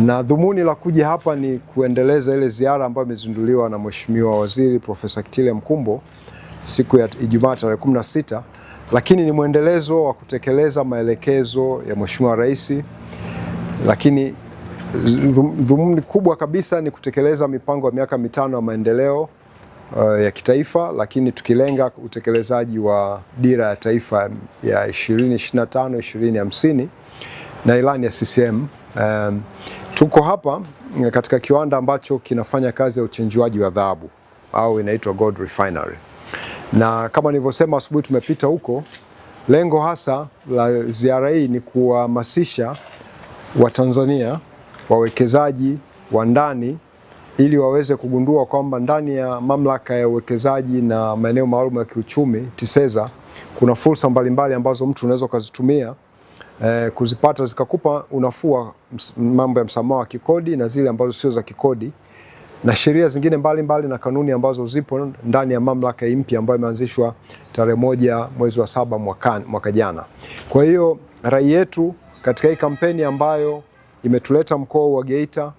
Na dhumuni la kuja hapa ni kuendeleza ile ziara ambayo imezinduliwa na Mheshimiwa Waziri Profesa Kitile Mkumbo siku ya Ijumaa tarehe sita, lakini ni mwendelezo wa kutekeleza maelekezo ya Mheshimiwa Rais, lakini dhumuni kubwa kabisa ni kutekeleza mipango ya miaka mitano ya maendeleo uh, ya kitaifa, lakini tukilenga utekelezaji wa dira ya taifa ya 2025 2050 na ilani ya CCM um, Tuko hapa eh, katika kiwanda ambacho kinafanya kazi ya uchenjuaji wa dhahabu au inaitwa gold refinery, na kama nilivyosema asubuhi tumepita huko. Lengo hasa la ziara hii ni kuwahamasisha Watanzania wawekezaji wa ndani ili waweze kugundua kwamba ndani ya mamlaka ya uwekezaji na maeneo maalum ya kiuchumi TISEZA kuna fursa mbalimbali ambazo mtu unaweza ukazitumia eh, kuzipata zikakupa unafua mambo ya msamaha wa kikodi na zile ambazo sio za kikodi na sheria zingine mbalimbali mbali na kanuni ambazo zipo ndani ya mamlaka mpya ambayo imeanzishwa tarehe moja mwezi wa saba mwaka, mwaka jana. Kwa hiyo rai yetu katika hii kampeni ambayo imetuleta mkoa wa Geita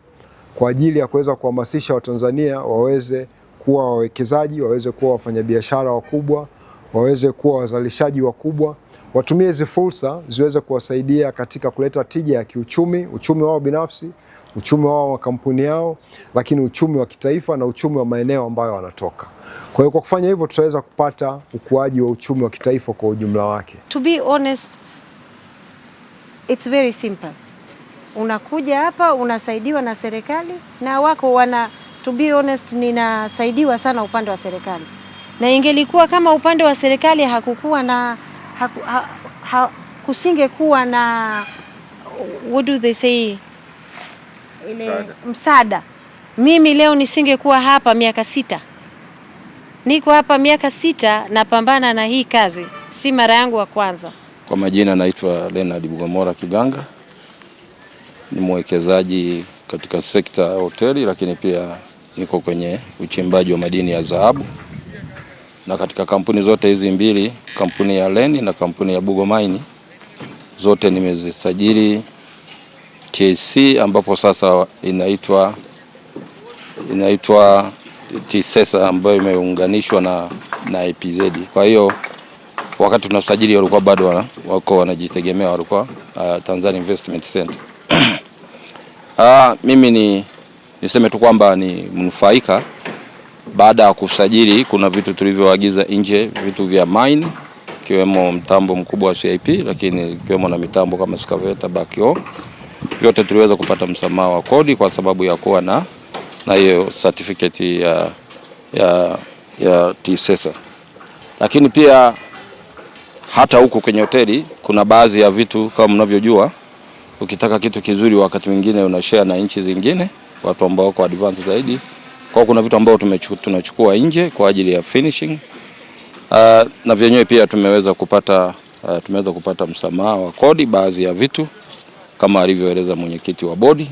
kwa ajili ya kuweza kuhamasisha Watanzania waweze kuwa wawekezaji, waweze kuwa wafanyabiashara wakubwa waweze kuwa wazalishaji wakubwa, watumie hizi fursa ziweze kuwasaidia katika kuleta tija ya kiuchumi, uchumi wao binafsi, uchumi wao wa kampuni yao, lakini uchumi wa kitaifa na uchumi wa maeneo ambayo wanatoka. Kwa hiyo kwa kufanya hivyo tutaweza kupata ukuaji wa uchumi wa kitaifa kwa ujumla wake. To be honest, it's very simple. Unakuja hapa unasaidiwa na serikali na wako wana, to be honest, ninasaidiwa sana upande wa serikali na ingelikuwa kama upande wa serikali hakukuwa na haku, ha, ha, kusingekuwa na what do they say ile msaada, Mimi leo nisingekuwa hapa miaka sita, niko hapa miaka sita, napambana na hii kazi, si mara yangu wa kwanza. Kwa majina naitwa Leonard Bugomora Kiganga, ni mwekezaji katika sekta ya hoteli, lakini pia niko kwenye uchimbaji wa madini ya dhahabu na katika kampuni zote hizi mbili, kampuni ya Leni na kampuni ya Bugo zote nimezisajili tc ambapo sasa inaitwa inaitwa TISESA ambayo imeunganishwa na, na IPZ. Kwa hiyo wakati tunasajili walikuwa bado wana, wako wanajitegemea walikuwa uh, Tanzania Investment Center. Ah, mimi ni niseme tu kwamba ni mnufaika baada ya kusajili, kuna vitu tulivyoagiza nje, vitu vya mine ikiwemo mtambo mkubwa wa CIP, lakini ikiwemo na mitambo kama excavator, backhoe, vyote tuliweza kupata msamaha wa kodi kwa sababu ya kuwa na na hiyo certificate ya, ya, ya TSESA. Lakini pia hata huku kwenye hoteli kuna baadhi ya vitu kama mnavyojua, ukitaka kitu kizuri wakati mwingine unashare na nchi zingine, watu ambao wako advance zaidi. Kwa kuna vitu ambavyo tunachukua nje kwa ajili ya finishing uh, na vyenyewe pia tumeweza kupata uh, tumeweza kupata msamaha wa kodi baadhi ya vitu kama alivyoeleza mwenyekiti wa bodi